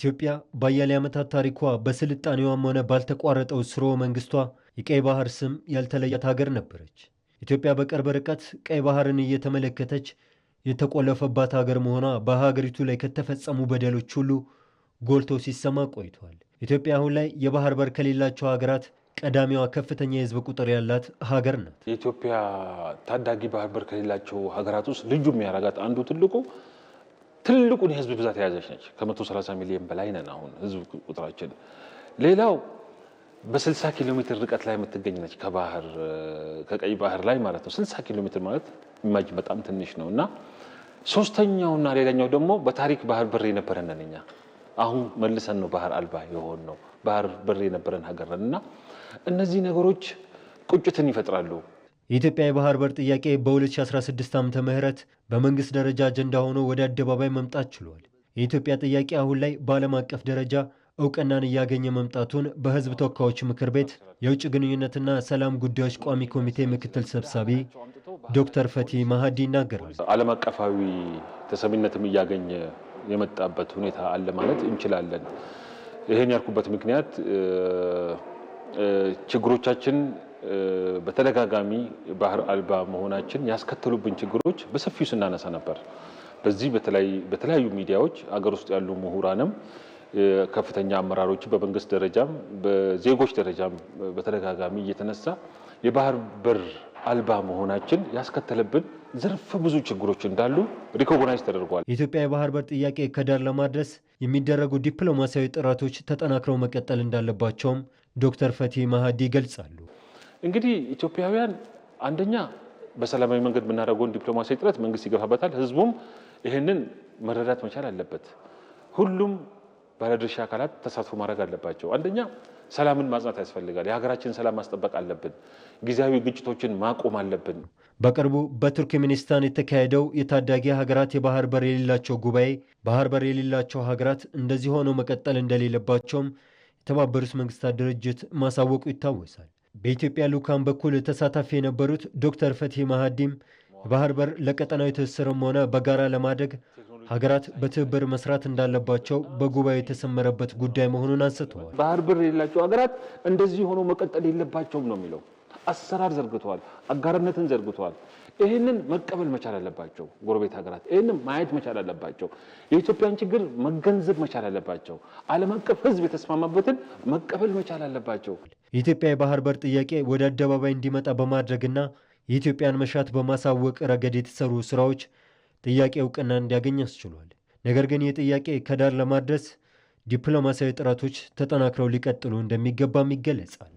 ኢትዮጵያ በአያሌ ዓመታት ታሪኳ በስልጣኔዋም ሆነ ባልተቋረጠው ስርወ መንግስቷ የቀይ ባህር ስም ያልተለያት ሀገር ነበረች። ኢትዮጵያ በቅርብ ርቀት ቀይ ባህርን እየተመለከተች የተቆለፈባት ሀገር መሆኗ በሀገሪቱ ላይ ከተፈጸሙ በደሎች ሁሉ ጎልቶ ሲሰማ ቆይቷል። ኢትዮጵያ አሁን ላይ የባህር በር ከሌላቸው ሀገራት ቀዳሚዋ ከፍተኛ የህዝብ ቁጥር ያላት ሀገር ናት። የኢትዮጵያ ታዳጊ ባህር በር ከሌላቸው ሀገራት ውስጥ ልዩ የሚያረጋት አንዱ ትልቁ ትልቁን የህዝብ ብዛት የያዘች ነች። ከ130 ሚሊዮን በላይ ነን አሁን ህዝብ ቁጥራችን። ሌላው በ60 ኪሎ ሜትር ርቀት ላይ የምትገኝ ነች ከባህር ከቀይ ባህር ላይ ማለት ነው። 60 ኪሎ ሜትር ማለት ኢማጅ በጣም ትንሽ ነው እና ሶስተኛውና ሌላኛው ደግሞ በታሪክ ባህር በር የነበረን እኛ። አሁን መልሰን ነው ባህር አልባ የሆን ነው። ባህር በር የነበረን ሀገር ነን እና እነዚህ ነገሮች ቁጭትን ይፈጥራሉ። የኢትዮጵያ የባህር በር ጥያቄ በ2016 ዓ ም በመንግሥት ደረጃ አጀንዳ ሆኖ ወደ አደባባይ መምጣት ችሏል። የኢትዮጵያ ጥያቄ አሁን ላይ በዓለም አቀፍ ደረጃ እውቅናን እያገኘ መምጣቱን በሕዝብ ተወካዮች ምክር ቤት የውጭ ግንኙነትና ሰላም ጉዳዮች ቋሚ ኮሚቴ ምክትል ሰብሳቢ ዶክተር ፈቲ ማሃዲ ይናገራል። ዓለም አቀፋዊ ተሰሚነትም እያገኘ የመጣበት ሁኔታ አለ ማለት እንችላለን። ይህን ያልኩበት ምክንያት ችግሮቻችን በተደጋጋሚ ባህር አልባ መሆናችን ያስከተሉብን ችግሮች በሰፊው ስናነሳ ነበር። በዚህ በተለያዩ ሚዲያዎች አገር ውስጥ ያሉ ምሁራንም ከፍተኛ አመራሮች በመንግስት ደረጃም በዜጎች ደረጃም በተደጋጋሚ እየተነሳ የባህር በር አልባ መሆናችን ያስከተለብን ዘርፈ ብዙ ችግሮች እንዳሉ ሪኮጎናይዝ ተደርጓል። የኢትዮጵያ የባህር በር ጥያቄ ከዳር ለማድረስ የሚደረጉ ዲፕሎማሲያዊ ጥረቶች ተጠናክረው መቀጠል እንዳለባቸውም ዶክተር ፈቲ መሀዲ ይገልጻሉ። እንግዲህ ኢትዮጵያውያን አንደኛ በሰላማዊ መንገድ የምናደርገውን ዲፕሎማሲያዊ ጥረት መንግስት ይገፋበታል። ህዝቡም ይህንን መረዳት መቻል አለበት። ሁሉም ባለድርሻ አካላት ተሳትፎ ማድረግ አለባቸው። አንደኛ ሰላምን ማጽናት ያስፈልጋል። የሀገራችንን ሰላም ማስጠበቅ አለብን። ጊዜያዊ ግጭቶችን ማቆም አለብን። በቅርቡ በቱርክሜኒስታን የተካሄደው የታዳጊ ሀገራት የባህር በር የሌላቸው ጉባኤ ባህር በር የሌላቸው ሀገራት እንደዚህ ሆነው መቀጠል እንደሌለባቸውም የተባበሩት መንግስታት ድርጅት ማሳወቁ ይታወሳል። በኢትዮጵያ ልኡካን በኩል ተሳታፊ የነበሩት ዶክተር ፈትሂ ማሃዲም የባህር በር ለቀጠናዊ ትስስርም ሆነ በጋራ ለማደግ ሀገራት በትብብር መስራት እንዳለባቸው በጉባኤ የተሰመረበት ጉዳይ መሆኑን አንስተዋል። ባህር በር የሌላቸው ሀገራት እንደዚህ ሆኖ መቀጠል የለባቸውም ነው የሚለው አሰራር ዘርግተዋል፣ አጋርነትን ዘርግተዋል። ይህንን መቀበል መቻል አለባቸው ጎረቤት ሀገራት። ይህንን ማየት መቻል አለባቸው። የኢትዮጵያን ችግር መገንዘብ መቻል አለባቸው። ዓለም አቀፍ ሕዝብ የተስማማበትን መቀበል መቻል አለባቸው። የኢትዮጵያ የባህር በር ጥያቄ ወደ አደባባይ እንዲመጣ በማድረግና የኢትዮጵያን መሻት በማሳወቅ ረገድ የተሰሩ ስራዎች ጥያቄ እውቅና እንዲያገኝ አስችሏል። ነገር ግን ይህ ጥያቄ ከዳር ለማድረስ ዲፕሎማሲያዊ ጥረቶች ተጠናክረው ሊቀጥሉ እንደሚገባም ይገለጻል።